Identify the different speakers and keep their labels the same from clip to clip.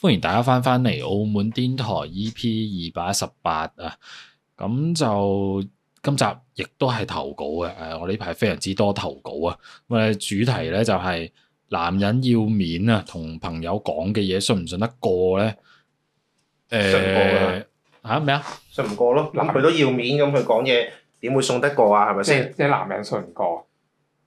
Speaker 1: 歡迎大家翻翻嚟澳門癲台 EP 二百一十八啊！咁就今集亦都係投稿嘅。誒，我呢排非常之多投稿啊。咁啊，主題咧就係男人要面啊，同朋友講嘅嘢信唔信得過咧？誒，
Speaker 2: 嚇咩啊？信唔過咯，諗佢都要面，咁佢講嘢點會信得過啊？係咪先？即係男人信唔過。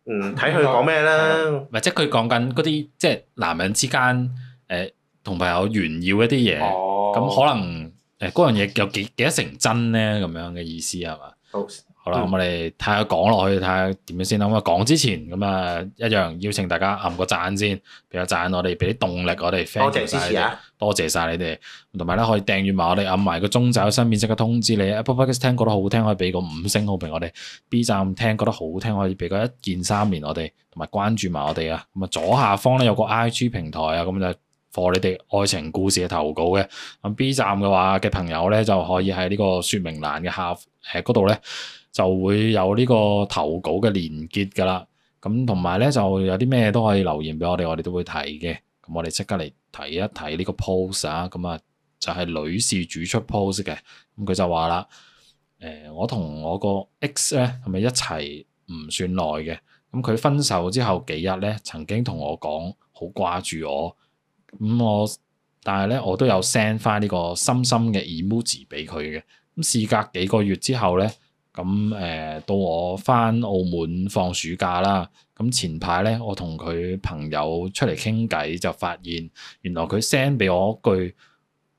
Speaker 2: 嗯，睇佢講咩啦？
Speaker 1: 或者佢講緊嗰啲即係男人之間誒？呃同朋友炫耀一啲嘢，咁、哦、可能誒嗰、欸、樣嘢有幾幾得成真咧？咁樣嘅意思係嘛？好，好啦，咁、嗯、我哋睇下講落去，睇下點樣先啦。咁啊，講之前咁啊，一樣邀請大家撳個讚先，俾個讚我哋，俾啲動力我哋。多謝晒。啊！多謝晒你哋，同埋咧可以訂閱埋我哋，撳埋個鐘仔，有新片先嘅通知你。Apple Podcast 聽覺得好聽，可以俾個五星好評我哋；B 站聽覺得好聽，可以俾個一鍵三連我哋，同埋關注埋我哋啊。咁啊，左下方咧有個 IG 平台啊，咁就。for 你哋愛情故事嘅投稿嘅。咁 B 站嘅話嘅朋友咧，就可以喺呢個說明欄嘅下誒嗰度咧就會有呢個投稿嘅連結噶啦。咁同埋咧就有啲咩都可以留言俾我哋，我哋都會睇嘅。咁我哋即刻嚟睇一睇呢個 post 啊。咁啊就係女士主出 post 嘅，咁佢就話啦誒，我同我個 X 咧係咪一齊唔算耐嘅？咁佢分手之後幾日咧，曾經同我講好掛住我。咁、嗯、我，但係咧，我都有 send 翻呢個深深嘅 emoji 俾佢嘅。咁事隔幾個月之後咧，咁、嗯、誒、呃、到我翻澳門放暑假啦。咁、嗯、前排咧，我同佢朋友出嚟傾偈，就發現原來佢 send 俾我一句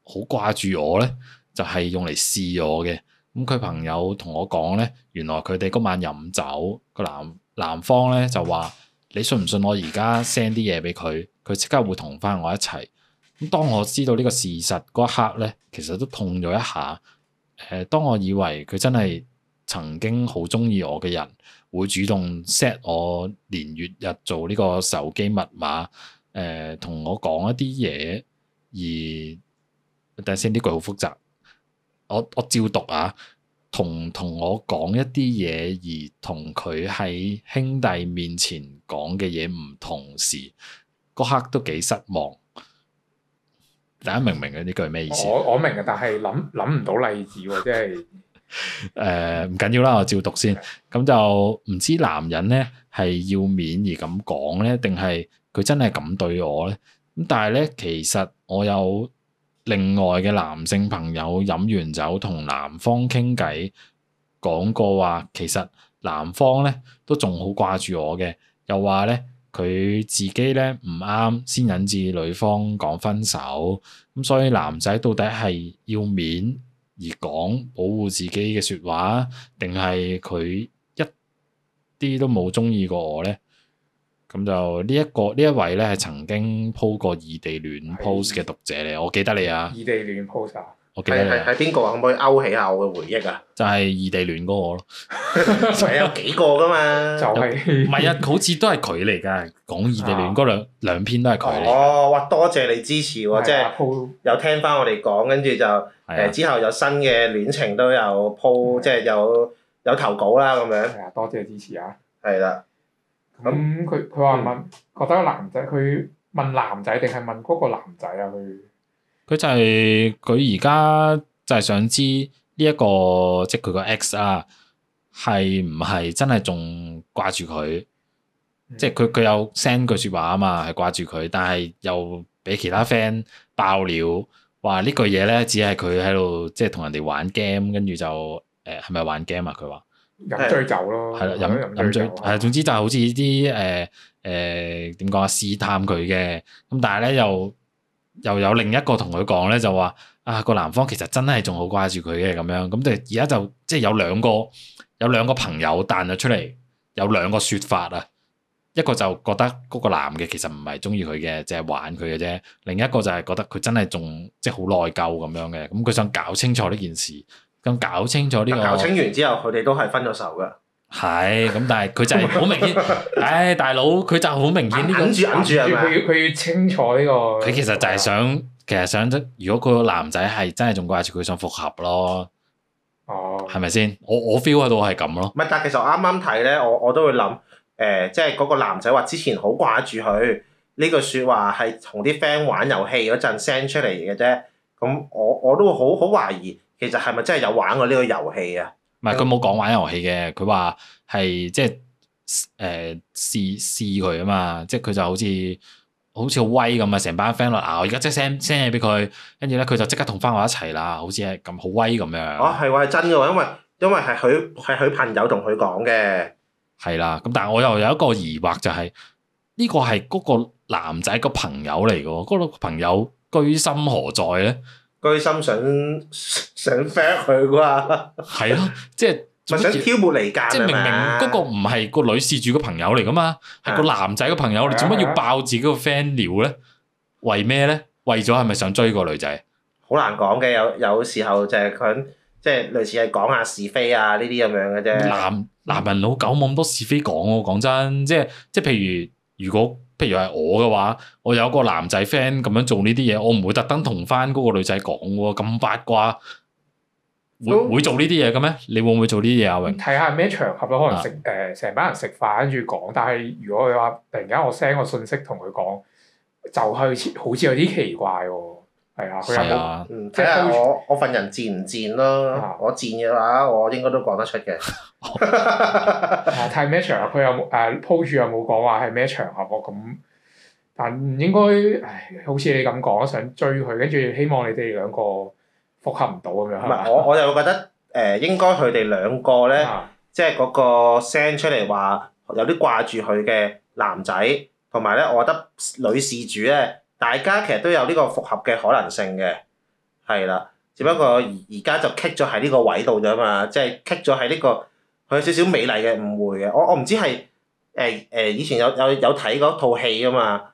Speaker 1: 好掛住我咧，就係、是、用嚟試我嘅。咁、嗯、佢、嗯、朋友同我講咧，原來佢哋嗰晚飲酒，個男男方咧就話。你信唔信我而家 send 啲嘢俾佢，佢即刻會同返我一齊？咁當我知道呢個事實嗰一刻咧，其實都痛咗一下。誒、呃，當我以為佢真係曾經好鍾意我嘅人，會主動 set 我年月日做呢個手機密碼，誒、呃，同我講一啲嘢。而等先，呢句好複雜，我我照讀啊！同同我講一啲嘢，而同佢喺兄弟面前講嘅嘢唔同時，嗰刻都幾失望。大家明唔明佢呢句係咩意思？我我明嘅，但係諗諗唔到例子喎，即係誒，唔緊要啦，我照讀先。咁就唔知男人咧係要面而咁講咧，定係佢真係咁對我咧？咁但係咧，其實我有。另外嘅男性朋友飲完酒同男方傾偈，講過話其實男方咧都仲好掛住我嘅，又話咧佢自己咧唔啱，先引致女方講分手。咁所以男仔到底係要面而講保護自己嘅説話，定係佢一啲都冇中意過我咧？咁就呢一個呢一位咧係曾經鋪過異地戀 post 嘅讀
Speaker 2: 者嚟。我記得你啊！異地戀 post 啊，我記得你啊！係邊個，可唔可以勾起下我嘅回憶啊？
Speaker 1: 就係異地戀嗰個咯，
Speaker 2: 仲有幾個噶嘛？就係，唔係啊？好
Speaker 1: 似都係佢嚟㗎，講異地戀嗰兩兩篇都係佢嚟。
Speaker 2: 哦，哇！多謝你支持喎，即係有聽翻我哋講，跟住就誒之後有新嘅戀情都有 po 即係有有投稿啦咁樣。係啊！多謝支持啊！係啦。
Speaker 3: 咁佢佢話問，覺得男、嗯、男個男仔佢問男仔定係問嗰個男仔、就是、啊？
Speaker 1: 佢佢就係佢而家就係想知呢一個即係佢個 ex 啊，係唔係真係仲掛住佢？即係佢佢有 send 句說話啊嘛，係掛住佢，但係又俾其他 friend 爆料，話呢句嘢咧只係佢喺度即係同人哋玩 game，跟住就誒係咪玩 game 啊？佢話。飲醉酒咯，係啦，飲飲醉，係啊，總之就係好似呢啲誒誒點講啊，試探佢嘅。咁但係咧，又又有另一個同佢講咧，就話啊、個男方其實真係仲好掛住佢嘅咁樣。咁但係而家就即係、就是、有兩個有兩個朋友彈咗出嚟，有兩個説法啊。一個就覺得嗰個男嘅其實唔係中意佢嘅，淨係玩佢嘅啫。另一個就係覺得佢真係仲即係好內疚咁樣嘅。咁佢想搞清楚呢件事。咁搞清楚呢、這個，搞清完
Speaker 2: 之後，佢哋都係分咗手噶。係，咁但係佢就係好明顯，唉、 哎，大佬佢就好明顯呢、這個。住住，佢要
Speaker 1: 佢要清楚呢、這個。佢其實就係想，是是其實想，如果個男仔係真係仲掛住佢，想復合咯。哦、啊，係咪先？我我 feel 到係咁咯。
Speaker 2: 唔係，但係其實啱啱睇咧，我我都會諗，誒、呃，即係嗰個男仔話之前好掛住佢呢句說話，係同啲 friend 玩遊戲嗰陣 send 出嚟嘅啫。咁我我，我都會好好懷疑。其實係咪真係有玩過呢個遊戲啊？
Speaker 1: 唔係，佢冇講玩遊戲嘅，佢話係即係誒試試佢啊嘛，即係佢就好似好似好威咁啊！成班 friend 落啊，我而家即 send send 嘢俾佢，跟住咧佢就即刻同翻我一齊啦，好似咁好威咁樣。哦，
Speaker 2: 係係真嘅喎，因為因為係佢係佢朋友同佢講嘅。係啦，
Speaker 1: 咁但係我又有一個疑惑就係呢個係嗰個男仔個朋友嚟嘅，嗰個朋友居
Speaker 2: 心何在咧？居心想想 fire 佢啩？係咯，即係咪想挑撥離間？即係 明明嗰個唔
Speaker 1: 係個女事主嘅朋友嚟噶嘛，係個男仔嘅朋友，啊、你做乜要爆自己個 friend 料咧？為咩咧？為咗係咪想追個女仔？
Speaker 2: 好難講嘅，有有時候就係佢即係類似係講下是非啊呢啲咁樣嘅啫。男
Speaker 1: 男人老狗冇咁多是非講喎，講真，即係即係譬如如果。譬如係我嘅話，我有個男仔 friend 咁樣做呢啲嘢，我唔會特登同翻嗰個女仔講喎，咁八卦會 so, 會做呢啲嘢嘅咩？你會唔會做呢啲嘢啊？阿榮，睇
Speaker 3: 下咩場合咯，可能食誒成班人食飯跟住講，但係如果佢話突然間我 send 個信息同佢講，就係、是、好似有啲奇怪喎。係啊，佢啊，有有的嗯，即係我
Speaker 2: 我份人賤唔賤咯？的我賤嘅話，我應該都講得出嘅
Speaker 3: 睇咩場合？佢又誒 po 住又冇講話係咩場合我咁，但應該唉，好似你咁講，想追佢，跟住希望你哋兩個復合唔
Speaker 2: 到咁樣係嘛？我我就會覺得誒、呃，應該佢哋兩個咧，即係嗰個聲出嚟話有啲掛住佢嘅男仔，同埋咧，我覺得女事主咧。大家其實都有呢個復合嘅可能性嘅，係啦，只不過而而家就棘咗喺呢個位度啫嘛，即係棘咗喺呢個，佢有少少美麗嘅誤會嘅，我我唔知係誒誒以前有有有睇嗰套戲啊嘛，誒、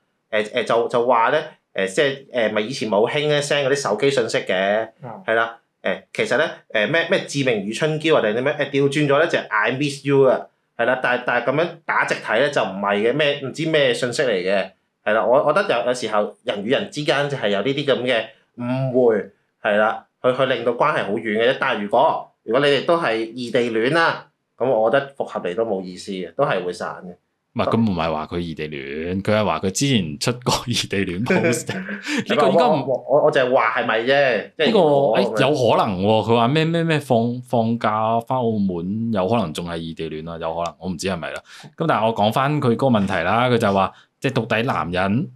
Speaker 2: 欸、誒就就話咧誒即係誒咪以前冇興咧 send 嗰啲手機信息嘅，係啦、嗯，誒、欸、其實咧誒咩咩志明與春嬌或者啲咩誒掉轉咗咧就係 I miss you 啊，係啦，但係但係咁樣打直睇咧就唔係嘅咩唔知咩信息嚟嘅。係啦，我我覺得有有時候人與人之間就係有呢啲咁嘅誤會，係啦、嗯，佢佢令到關係好遠嘅啫。但係如果如果你哋都係異地戀啦，咁我覺得復合嚟都冇意思嘅，都係會散嘅。
Speaker 1: 唔係，咁唔係話佢異地戀，佢係話佢之前出過異地戀 post。
Speaker 2: 呢我我就係話係咪啫？呢、呢個有可能
Speaker 1: 喎，佢話咩咩咩放放假翻澳門有可能仲係異地戀啊，有可能、啊、有可能，有可能我唔知係咪啦。咁但係我講翻佢嗰個問題啦，佢就話。即係到底男人誒、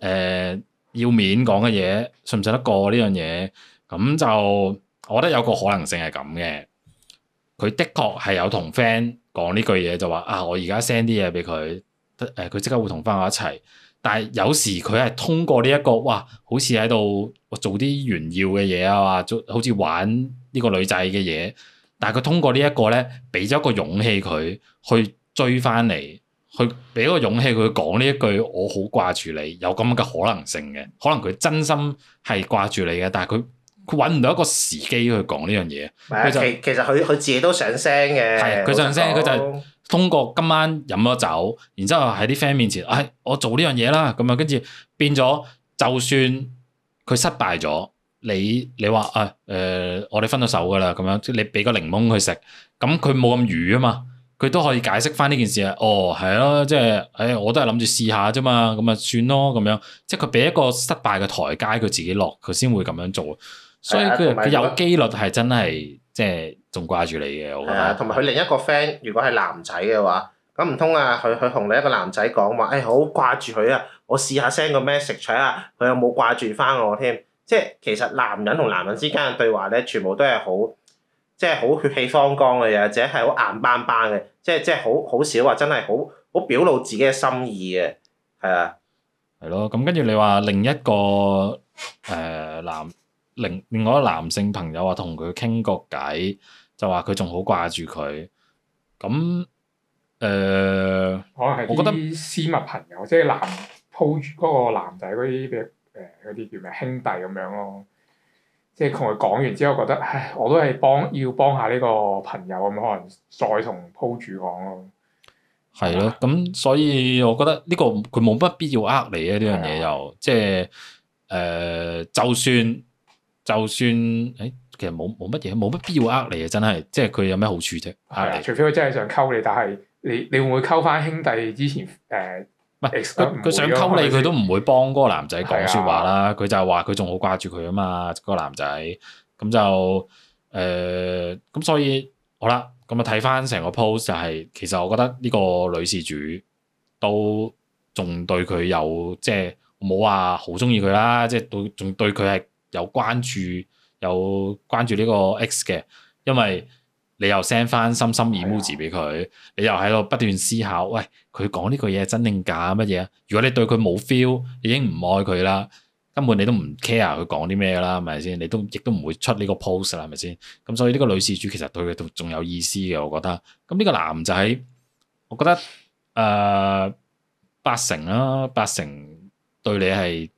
Speaker 1: 呃、要面講嘅嘢，信唔信得過呢樣嘢？咁就我覺得有個可能性係咁嘅，佢的確係有同 friend 講呢句嘢，就話啊，我而家 send 啲嘢俾佢，誒佢即刻會同翻我一齊。但係有時佢係通過呢、這、一個，哇，好似喺度做啲炫耀嘅嘢啊，好似玩呢個女仔嘅嘢。但係佢通過呢一個咧，俾咗一個勇氣佢去追翻嚟。佢俾個勇氣，佢講呢一句，我好掛住你，有咁嘅可能性嘅，可能佢真心係掛住你嘅，但係佢佢揾唔到一個時機去講呢樣嘢。啊、就其實其實佢佢
Speaker 2: 自己都上聲嘅，佢、啊、上聲，佢就係
Speaker 1: 通過今晚飲咗酒，然之後喺啲 friend 面前，哎，我做呢樣嘢啦，咁樣跟住變咗，就算佢失敗咗，你你話啊，誒、呃，我哋分咗手㗎啦，咁樣即係你俾個檸檬佢食，咁佢冇咁瘀啊嘛。佢都可以解釋翻呢件事啊！哦，係咯，即係，誒、哎，我都係諗住試下啫嘛，咁啊，算咯，咁樣，即係佢俾一個失敗嘅台階，佢自己落，佢先會咁樣做，所以佢佢的他有幾率係真係即係仲掛
Speaker 2: 住你嘅。係啊，同埋佢另一個 friend，如果係男仔嘅話，咁唔通啊，佢佢同另一個男仔講話，誒、哎，好掛住佢啊，我試下 send 個 message 睇下，佢有冇掛住翻我添。即係其實男人同男人之間嘅對話咧，全部都係好。即係好血氣方剛嘅嘢，或者係好硬邦邦嘅，即係即係好好少話真係好好表露自己嘅心意嘅，係啊，
Speaker 1: 係咯。咁跟住你話另一個誒男、呃，另另外男性朋友話同佢傾個偈，就話佢仲好掛住佢，咁誒。呃、可能係啲
Speaker 3: 私密朋友，即係男鋪住嗰個男仔嗰啲嘅誒啲叫咩兄弟咁樣咯。即係同佢講完之後，覺得唉，我都係幫要幫下呢個朋友咁，可能再同鋪主講咯。
Speaker 1: 係咯、啊，咁、啊、所以我覺得呢、呢個佢冇乜必要呃你啊！呢樣嘢又即係誒、呃，就算就算誒，其實冇冇乜嘢，冇乜必要呃你啊！真係，即係佢有咩好處啫？係
Speaker 3: 除非佢真係想溝你，但係你你會唔會溝翻兄弟之前誒？呃佢想溝你，佢都唔
Speaker 1: 會幫嗰個男仔講說話啦。佢的就話佢仲好掛住佢啊嘛，嗰個男仔咁就誒咁、呃、所以好啦。咁啊睇翻成個 post 就係、是，其實我覺得呢個女事主都仲對佢有即係冇話好中意佢啦，即、就、係、是就是、對仲對佢係有關注有關注呢個 X 嘅，因為你又 send 翻心心 emoji 俾佢，的你又喺度不斷思考，喂。佢講呢個嘢真定假乜嘢啊？如果你對佢冇 feel，已經唔愛佢啦，根本你都唔 care 佢講啲咩啦，係咪先？你都亦都唔會出呢個 post 啦，係咪先？咁所以呢個女事主其實對佢仲仲有意思嘅，我覺得。咁呢個男仔，我覺得誒、呃、八成啦、啊，八成對你係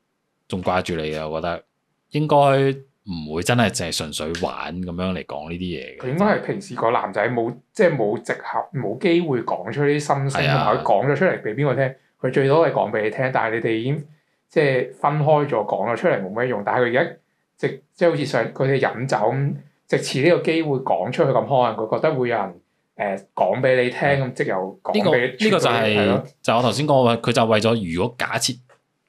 Speaker 1: 仲掛住你嘅，我覺得應該。唔會真係淨係純粹玩咁樣嚟講呢啲嘢嘅。佢應該係平
Speaker 3: 時個男仔冇即係冇藉口，冇機會講出呢啲心聲，同埋講咗出嚟俾邊個聽？佢最多係講俾你聽，但係你哋已經即係分開咗，講咗出嚟冇咩用。但係佢而家直即係好似上佢哋飲酒咁，藉此呢個機會講出去，咁可能佢覺得會有人誒講俾你聽咁，即係又講俾呢個呢給個就係、是、
Speaker 1: 就我頭先講話，佢就為咗如果假設。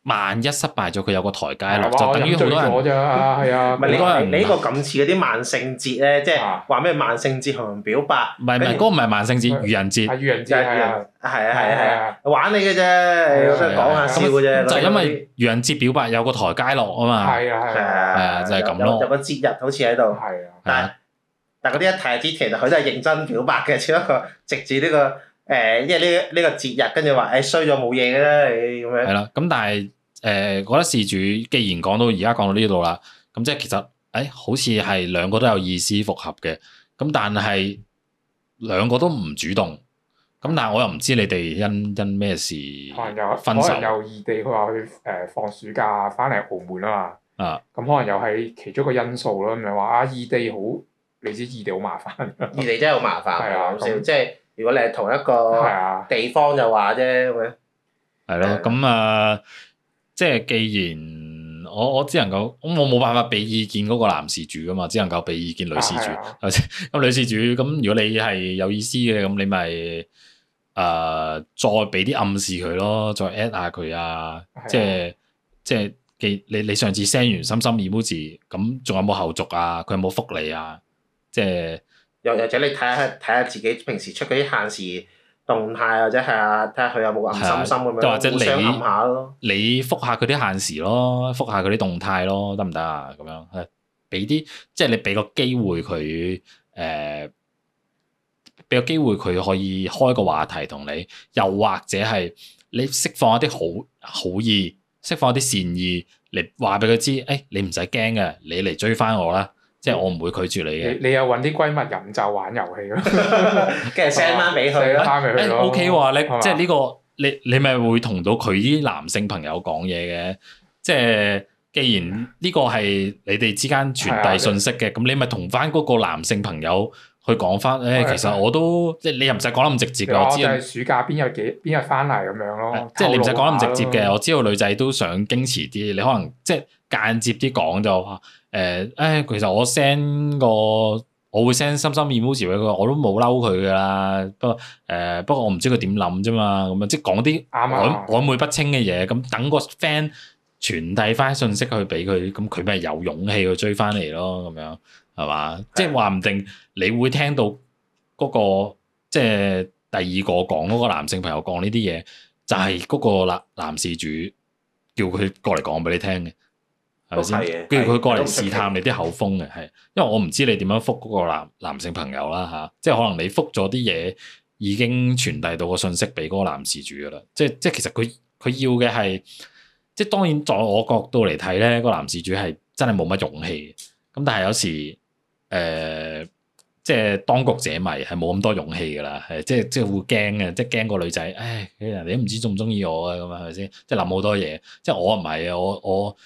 Speaker 1: 萬一失敗咗，佢有個台階落，就等於好多人啫。係啊，唔係你你呢個
Speaker 2: 咁似嗰啲萬聖節咧，即係話咩萬聖節同人表白。
Speaker 1: 唔係唔係，唔係萬聖節，愚人節。愚
Speaker 2: 人節，係啊係啊係啊，玩你嘅啫，即係講下笑嘅啫。就因為
Speaker 1: 愚人節表白有個台階落啊嘛。係啊係啊，就係咁咯。有
Speaker 2: 個節日好似喺度，但係但係嗰啲一提知，其實佢都係認真表白嘅，只不過直至呢個。誒，因為呢呢個節日，跟住話誒衰咗冇嘢嘅
Speaker 1: 啦，你、欸、咁樣。係啦、嗯啊，咁但係誒，我、嗯、覺得事主既然講到而家講到呢度啦，咁即係其實誒、欸，好似係兩個都有意思複合嘅，咁但係兩個都唔主動，咁但係我又唔知你哋因因咩事分手可，可能又可能又
Speaker 3: 異地，佢話去誒放暑假返嚟澳門啊嘛，啊，咁可能又係其中一個因素咯，咪係話啊異地好，你知異地好麻煩，異
Speaker 2: 地真係好麻煩，講笑即係。如果你係同一個地方就話啫，
Speaker 1: 咁咯的，咁啊、嗯，即係既然我我只能夠，咁我冇辦法俾意見嗰個男事主㗎嘛，只能夠俾意見女事主，咁的、 嗯、女事主，咁如果你係有意思嘅，咁你咪誒、呃、再俾啲暗示佢咯，再 at 下佢啊，的即係即係記你你上次 send 完心心 emoji 咁仲有冇後續啊？佢有冇福利啊？即係。
Speaker 2: 又或者你睇下睇下自己平時出嗰啲限時動態，或者係啊睇下佢有冇暗心心咁樣，或者你互相暗下咯。
Speaker 1: 你覆下佢啲限時咯，覆下佢啲動態咯，得唔得啊？咁樣係俾啲，即係你俾個機會佢誒，俾，呃，個機會佢可以開個話題同你。又或者係你釋放一啲好好意，釋放一啲善意嚟話俾佢知，誒你唔使驚嘅，你嚟追翻我啦。即係我唔會拒絕你嘅。你有揾啲閨蜜飲酒玩遊戲咯，跟住 send 翻俾佢咯。誒，O K 話即係呢個你你咪會同到佢啲男性朋友講嘢嘅。即係既然呢個係你哋之間傳遞信息嘅，咁你咪同翻嗰個男性朋友去講翻。誒，其實我都即係你又唔使講得咁直接嘅。我知暑
Speaker 3: 假邊日幾邊日翻嚟咁樣咯。即係你唔使講得咁直接嘅，我知
Speaker 1: 道女仔都想矜持啲。你可能即係間接啲講就。誒，誒、哎，其實我 send 個，我會 send 深深 emoji 俾佢，我都冇嬲佢噶啦。不過，誒、呃，不過我唔知佢點諗啫嘛。咁啊，即係講啲曖昧不清嘅嘢，咁等個 friend 傳遞翻信息去俾佢，咁佢咪有勇氣去追翻嚟咯。咁樣係嘛？是即係話唔定你會聽到嗰、那個，即係第二個講嗰個男性朋友講呢啲嘢，就係、是、嗰個男男事主叫佢過嚟講俾你聽嘅。係咪先？跟住佢過嚟試探你啲口風嘅，係，因為我唔知你點樣復嗰個男男性朋友啦，吓、啊，即係可能你復咗啲嘢，已經傳遞到個信息俾嗰個男事主噶啦，即係即係其實佢佢要嘅係，即係當然在我角度嚟睇咧，個男事主係真係冇乜勇氣，咁但係有時，誒、呃，即係當局者迷係冇咁多勇氣噶啦，誒，即係即係會驚嘅，即係驚個女仔，唉、哎，人哋都唔知中唔中意我啊，咁樣，係咪先？即係諗好多嘢，即係我唔係啊，我我。我我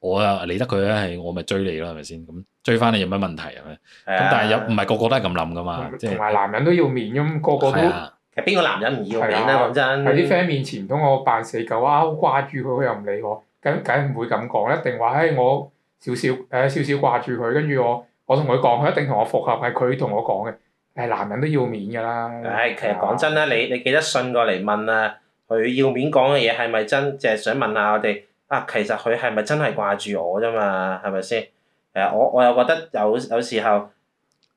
Speaker 1: 我啊理得佢咧，係我咪追你咯，係咪先？咁追翻你有乜問題係咪？咁、啊、但係又唔係個個都係咁諗噶嘛？同埋男
Speaker 3: 人都要面咁，個個都、啊、其實邊個男人唔要面啊？講、啊、真，喺啲 friend 面前唔通我扮死狗啊？好掛住佢，佢又唔理我，梗係唔會咁講，一定話誒、哎、我少少誒、啊、少少掛住佢，跟住我我同佢講，佢一定同我復合，係佢同我講嘅。誒、啊、男人都要面㗎啦。唉、啊，啊、其實講
Speaker 2: 真啦，你你記得信過嚟問啊，佢要面講嘅嘢係咪真？淨係、是、想問下我哋。啊，其實佢係咪真係掛住我啫嘛？係咪先？誒，我我又覺得有有時候，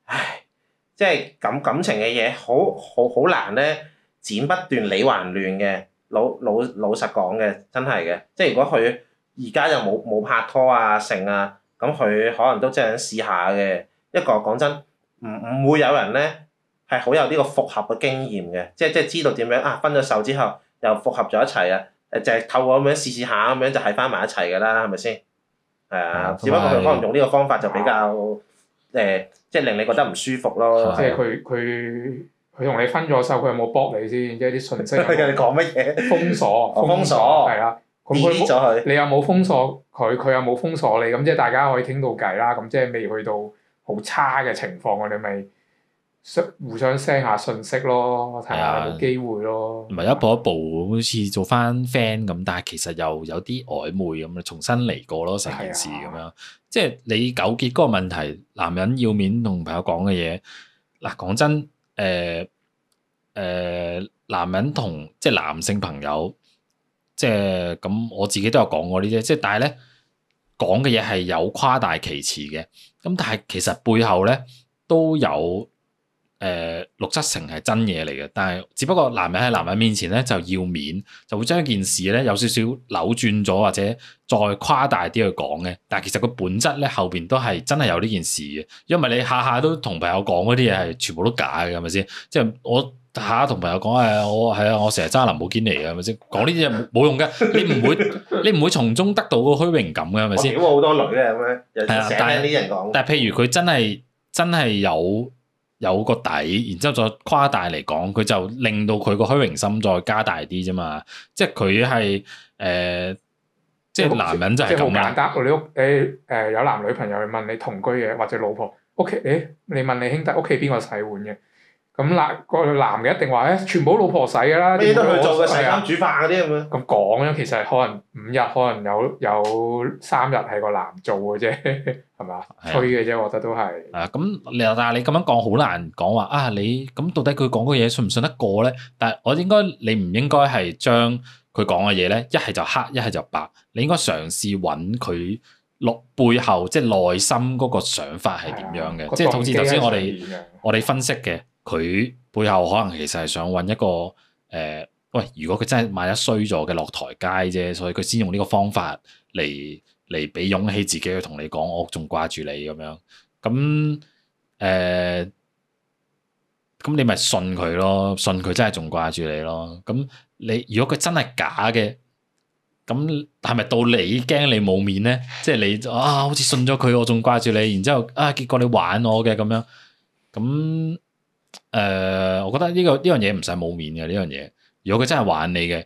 Speaker 2: 唉，即係感感情嘅嘢，好好好難咧，剪不斷理還亂嘅，老老老實講嘅，真係嘅。即係如果佢而家又冇冇拍拖啊，成啊，咁佢可能都真係想試下嘅。一個講真，唔唔會有人咧係好有呢個複合嘅經驗嘅，即即係知道點樣啊？分咗手之後又複合咗一齊啊！誒就係透過咁樣試試下，咁樣就係翻埋一齊噶啦，係咪先？係啊，只不過佢可能用呢個方法就比較誒、呃，即係令你覺得唔舒服咯。即係佢
Speaker 3: 佢佢同你分咗手，佢有冇駁你先？即係啲信息，佢哋講乜嘢？封鎖，封鎖，係啊，咁佢？你有冇封鎖佢？佢有冇封鎖你？咁即係大家可以傾到偈啦。咁即係未去到好差嘅情況，你咪。互相 send 下信息咯，睇下的有機會
Speaker 1: 咯。唔係一步一步，好的似做翻 friend 咁，但係其實又有啲曖昧咁啊，重新嚟過咯，成件事咁樣。即係你糾結嗰個問題，男人要面同朋友講嘅嘢。嗱，講、呃、真，誒、呃、誒，男人同即係男性朋友，即係咁，我自己都有講過呢啲。即係但係咧，講嘅嘢係有誇大其詞嘅。咁但係其實背後咧都有。誒、呃，六七成係真嘢嚟嘅，但係只不過男人喺男人面前咧就要面，就會將一件事咧有少少扭轉咗或者再誇大啲去講嘅。但係其實個本質咧後邊都係真係有呢件事嘅，因為你下下都同朋友講嗰啲嘢係全部都假嘅，係咪先？即係我下下同朋友講誒，我係啊，我成日揸林寶堅嚟嘅，係咪先？講呢啲嘢冇用嘅，你唔會 你唔會，會從中得到個虛榮感嘅，係咪先？我好多女嘅
Speaker 2: 咁樣，成日聽啲人講。但係譬
Speaker 1: 如佢真係真係有。有個底，然之後再誇大嚟講，佢就令到佢個虛榮心再加大啲啫嘛。即係佢係誒，即係男人就係咁
Speaker 3: 啊！我你屋誒誒、哎呃、有男女朋友去問你同居嘅，或者老婆屋企誒，你問你兄弟屋企邊個洗碗嘅？咁男個男嘅一定話咧，全部老婆使㗎啦，呢啲都係佢做嘅，洗衫、啊、煮飯嗰啲咁樣。咁講啫，其實可能五日，可能有有三日係個男的做嘅啫，係咪啊？吹嘅啫，我覺得都係、
Speaker 1: 啊。啊，咁但係你咁樣講好難講話啊！你咁到底佢講嘅嘢信唔信得過咧？但係我應該你唔應該係將佢講嘅嘢咧，一係就黑，一係就白。你應該嘗試揾佢落背後，即係內心嗰個想法係點樣嘅？啊、即係好似頭先我哋我哋分析嘅。佢背後可能其實係想揾一個誒、呃，喂！如果佢真係買得衰咗嘅落台階啫，所以佢先用呢個方法嚟嚟俾勇氣自己去同你講，我仲掛住你咁樣。咁、呃、誒，咁你咪信佢咯？信佢真係仲掛住你咯？咁你如果佢真係假嘅，咁係咪到你驚你冇面咧？即係你啊，好似信咗佢，我仲掛住你，然之後啊，結果你玩我嘅咁樣咁。誒，我覺得呢個呢樣嘢唔使冇面嘅呢樣嘢。如果佢真係玩你嘅，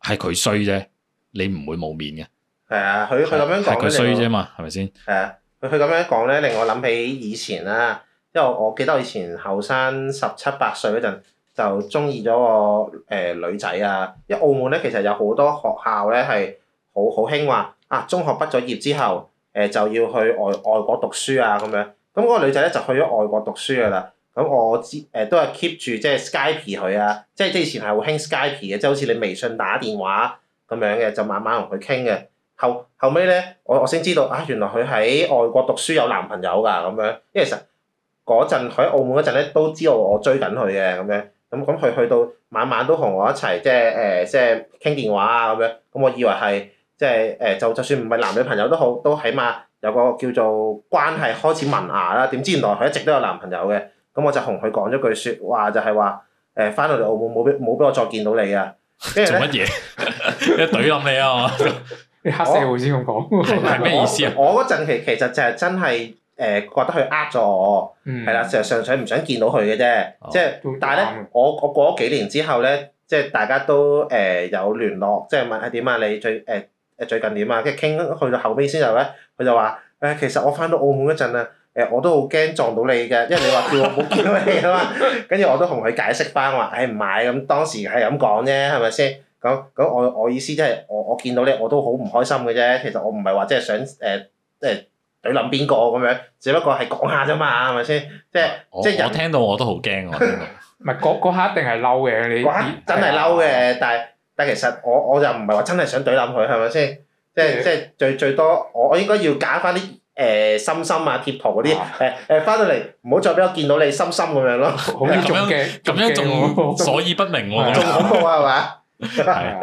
Speaker 1: 係佢衰啫，你唔會冇面嘅。
Speaker 2: 係啊，佢佢咁樣講咧係佢衰啫嘛，係咪先？係啊，佢佢咁樣講咧，令我諗起以前啦。因為我記得我以前後生十七八歲嗰陣，就中意咗個誒女仔啊。因為澳門咧，其實有好多學校咧係好好興話啊，中學畢咗業之後，誒就要去外外國讀書啊咁樣。咁嗰個女仔咧就去咗外國讀書噶啦。咁、嗯、我知誒都係 keep 住即係 Skype 佢啊，即係即係以前係好興 Skype 嘅，即係好似你微信打電話咁樣嘅，就晚晚同佢傾嘅。後後尾咧，我我先知道啊，原來佢喺外國讀書有男朋友㗎咁樣。因為其實嗰陣喺澳門嗰陣咧，都知道我追緊佢嘅咁樣。咁咁佢去到晚晚都同我一齊即係誒、呃、即係傾電話啊咁樣。咁我以為係即係誒就就算唔係男女朋友都好，都起碼有個叫做關係開始萌芽啦。點知原來佢一直都有男朋友嘅。 咁我就同佢講咗句説話，就係話誒翻到嚟澳門冇俾冇俾我再見到你啊！做乜嘢？
Speaker 3: 一懟冧你啊！你黑社會先咁講，係咩意思啊？
Speaker 2: 我嗰陣期其實就係真係誒覺得佢呃咗我，係啦，日上上唔想見到佢嘅啫。即係，但係咧，我我過咗幾年之後咧，即係大家都誒有聯絡，即係問係點啊？你最誒誒最近點啊？跟住傾去到後尾先就咧，佢就話誒其實我翻到澳門嗰陣啊。誒， 我都好驚撞到你嘅，因為你話叫我冇見到你啊嘛，跟住我都同佢解釋翻，我話誒唔係咁，當時係咁講啫，係咪先？咁咁我我意思即係我我見到你，我都好唔開心嘅啫。其實我唔係話即係想誒，即係懟冧邊個咁樣，只不過係講下啫嘛，係咪先？就是、我即係即係人我我。我聽
Speaker 1: 到我都好驚我
Speaker 2: 唔係嗰嗰刻一定係嬲嘅，你 真係嬲嘅，吧但係但其實我我就唔係話真係想懟冧佢，係咪先？即係即係最最多我應該要揀翻啲。 誒、欸、心心啊，貼圖嗰啲誒誒，翻到嚟唔好再俾我見到你心心咁樣咯。咁樣咁樣仲所以
Speaker 1: 不明喎，仲恐怖係嘛？係啊， 啊，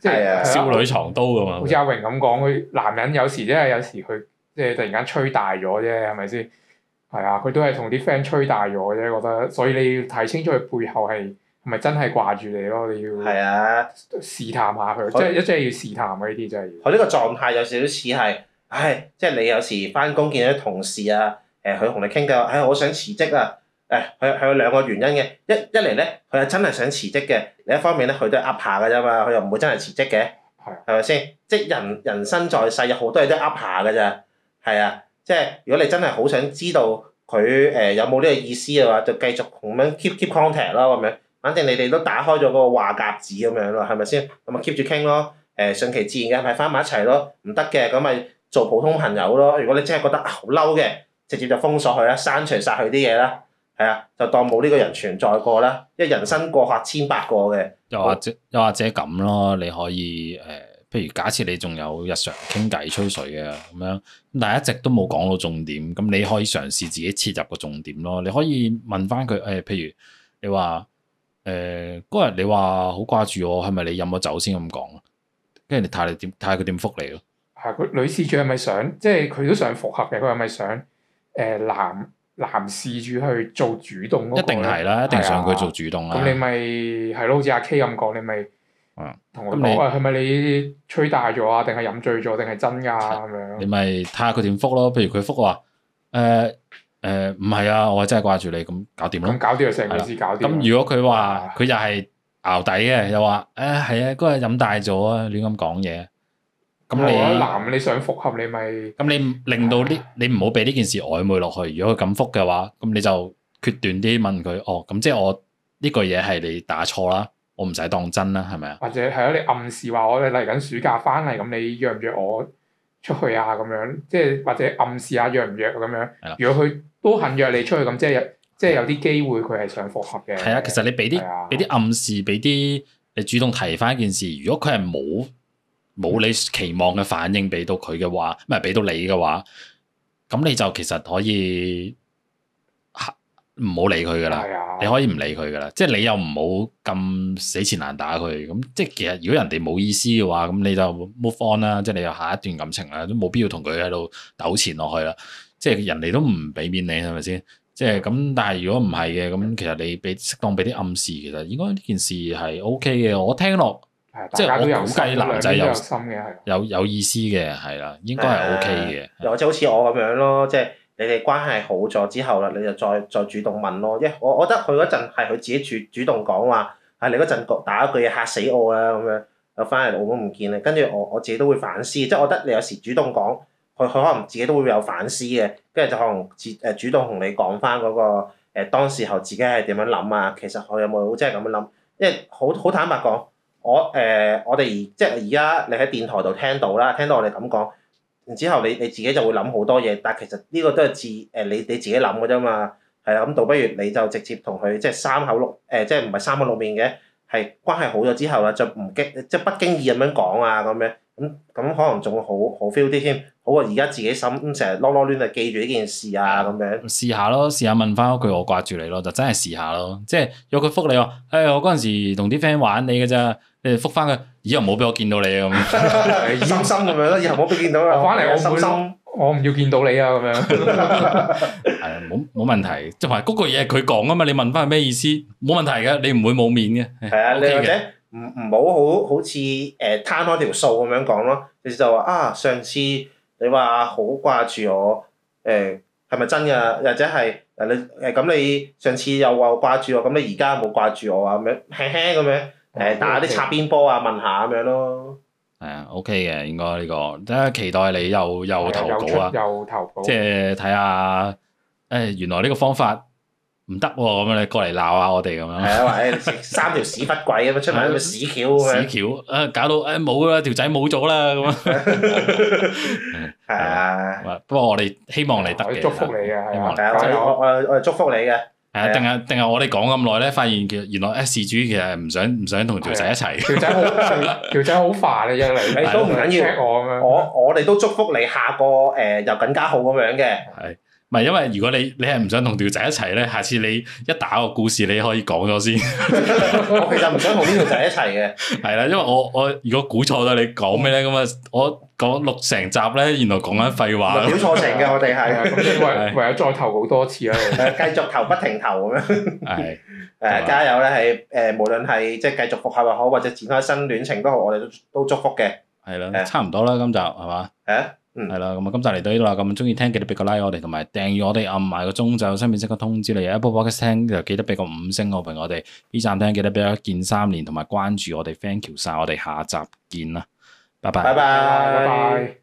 Speaker 3: 即係少女藏
Speaker 1: 刀㗎嘛。好似、啊、
Speaker 3: 阿榮咁講，佢男人有時即係有時佢即係突然間吹大咗啫，係咪先？係啊，佢都係同啲 friend 吹大咗啫。覺得所以你要睇清楚佢背後係係咪真係掛住你咯？你要係啊，試探
Speaker 2: 下佢，即係即係
Speaker 3: 要試探㗎。呢啲真
Speaker 2: 係。佢呢個狀態有少少似係。唉，即係你有時翻工見到啲同事啊，誒，佢同你傾偈話，唉，我想辭職啊，誒，佢佢有兩個原因嘅，一一嚟咧，佢係真係想辭職嘅，另一方面咧，佢都係噏下㗎啫嘛，佢又唔會真係辭職嘅，係，係咪先？即係人人生在世有好多嘢都噏下㗎咋，係啊，即係如果你真係好想知道佢誒有冇呢個意思嘅話，就繼續咁樣 keep keep contact 咯，咁樣，反正你哋都打開咗個話匣子咁樣咯，係咪先？咁咪 keep 住傾咯，誒，順其自然嘅，咪翻埋一齊咯，唔得嘅咁咪。做普通朋友咯。如果你真係覺得好嬲嘅，直接就封鎖佢啦，刪除晒佢啲嘢啦，係啊，就當冇呢個人存在過啦。因為人生過客千百個嘅。又或
Speaker 1: 者又或者咁咯，你可以誒、呃，譬如假設你仲有日常傾偈吹水嘅咁樣，但係一直都冇講到重點，咁你可以嘗試自己切入個重點咯。你可以問翻佢誒，譬如你話誒嗰日你話好掛住我，係咪你飲咗酒先咁講？跟住你睇下點，睇下佢點覆你咯。佢女事主係咪想，即係佢都想
Speaker 3: 複合嘅，佢係咪想誒、呃、男男事主去做主動、嗰個、一定係啦，一定想佢做主動啦。咁你咪係囉，好似阿 K 咁講，你咪
Speaker 1: 同我講，係
Speaker 3: 咪你吹大咗啊？定係飲醉咗？定係真㗎咁樣？
Speaker 1: 你咪睇下佢點復咯。譬如佢復話誒誒唔係啊，我真係掛住你，咁搞掂啦。咁搞掂就成件事搞掂。咁如果佢話佢又係熬底嘅，又話誒係啊，嗰日飲大咗啊，亂咁講嘢。咁、嗯、你男想
Speaker 3: 你想復合你咪
Speaker 1: 咁，你令到呢你唔好俾呢件事曖昧落去。如果佢敢復嘅話，咁你就決斷啲問佢哦。咁、嗯、即係我呢、這個嘢係你打錯啦，我唔使當真啦，係咪啊？
Speaker 3: 或者係咯，你暗示話我哋嚟緊暑假翻嚟，咁你約唔約我出去啊？咁樣即係或者暗示下約唔約咁樣。係啦如果佢都肯約你出去，咁即係即係有啲機會佢係想復合嘅。係啊，其實你俾啲俾
Speaker 1: 啲暗示，俾啲你主動提翻一件事。如果佢係冇。冇你期望嘅反應俾到佢嘅話，唔係俾到你嘅話，咁你就其實可以唔好理佢噶啦。的你可以唔理佢噶啦，即係你又唔好咁死纏爛打佢。咁即係其實如果人哋冇意思嘅話，咁你就 move on 啦，即係你有下一段感情啦，都冇必要同佢喺度糾纏落去啦。即係人哋都唔俾面你係咪先？即係咁，但係如果唔係嘅，咁其實你俾適當俾啲暗示，其實應該呢件事係 OK 嘅。我聽落。即係我估計男仔有心嘅，係有有，有，有意思嘅，係啦，應該係 OK 嘅。
Speaker 2: 又或者好似我咁樣咯，即係你哋關係好咗之後啦，你就再再主動問咯。因為我覺得佢嗰陣係佢自己主主動講話，係、啊、你嗰陣打一句嘢嚇死我啊咁樣，又翻嚟澳門唔見你，跟住我我自己都會反思，即係我覺得你有時主動講，佢佢可能自己都會有反思嘅。跟住就可能自誒主動同你講翻嗰個誒當時候自己係點樣諗啊？其實我有冇真係咁樣諗？因為好好坦白講。我誒、呃，我哋而即係而家，你喺電台度聽到啦，聽到我哋咁講，然之後你你自己就會諗好多嘢，但係其實呢個都係自誒你、呃、你自己諗嘅啫嘛，係啊，咁倒不如你就直接同佢即係三口六誒、呃，即係唔係三口六面嘅，係關係好咗之後啦，就唔經即係不經意咁樣講啊咁樣。咁咁可能仲好好 feel 啲添，好過而家自己心成日囉囉攣地記住呢件事啊咁樣。
Speaker 1: 試下咯，試下問翻一句我掛住你咯，就真係試下咯。即係有佢覆你，誒、哎，我嗰陣時同啲 friend 玩你嘅咋？你哋覆翻佢，以後唔好俾我見到你啊。咁。小心咁樣，以後冇俾見到啊。我翻嚟我心心，我唔要見到你啊咁樣。係啊，冇冇問題。即係嗰個嘢係佢講啊嘛，你問翻係咩意思？冇問題嘅，你唔會冇面嘅。係啊的，你嘅。
Speaker 2: 唔唔冇好好似誒攤開條數咁樣講咯，你就話啊，上次你話好掛住我，誒係咪真㗎？或者係誒你誒咁你上次又話掛住我，咁你而家冇掛住我啊？咁樣輕輕咁樣誒打啲擦邊波啊，問下咁樣咯。
Speaker 1: 係啊、嗯、OK 嘅應該呢、呢個，真係期待你又又投稿啊，又又投稿即係睇下誒原來呢個方法。唔得喎，咁你過嚟鬧下我哋咁樣。係啊，喂，誒三條屎忽鬼咁樣出埋啲屎橋，屎橋搞到誒冇啦，條仔冇咗啦咁啊。係啊，不過我哋希望你得嘅，祝福你嘅係嘛。
Speaker 2: 我我祝福你嘅。
Speaker 1: 係啊，定係定係我哋講咁耐咧，發現原來誒事主其實唔想唔想同條仔一齊。條仔好，
Speaker 2: 條仔好煩啊真係，你都唔緊要我咁樣。我我哋都祝福你下個誒又更加好咁樣嘅。係。
Speaker 1: 唔係，因為如果你你係唔想同條仔一齊咧，下次你一打個故事你可以講咗先。
Speaker 2: 我其實唔想同呢條仔一齊嘅。
Speaker 1: 係啦，因為我我如果估錯咗你講咩咧，咁啊我講六成集咧，原來講緊廢話。估錯成
Speaker 3: 嘅我哋係， 唯
Speaker 2: 有再投好多次啊！ 繼續投不停投咁樣。係 誒加油咧！誒、即係、無論係即係繼續復合又好，或者展開新戀情都好，我哋都都祝福嘅。
Speaker 1: 係啦了，的差唔多啦，今集係咪？啊！ 係啦，咁啊、嗯，嗯、就今日嚟到呢度啊，咁中意聽記得俾個 like 我哋，同埋訂閱我哋，暗埋個鐘就有新面接收通知啦。有 Apple Podcast 聽就記得俾個，個五星好評我哋。呢站聽記得俾一鍵三連，同埋關注我哋 Thank you 晒，我哋下集見啦，拜拜。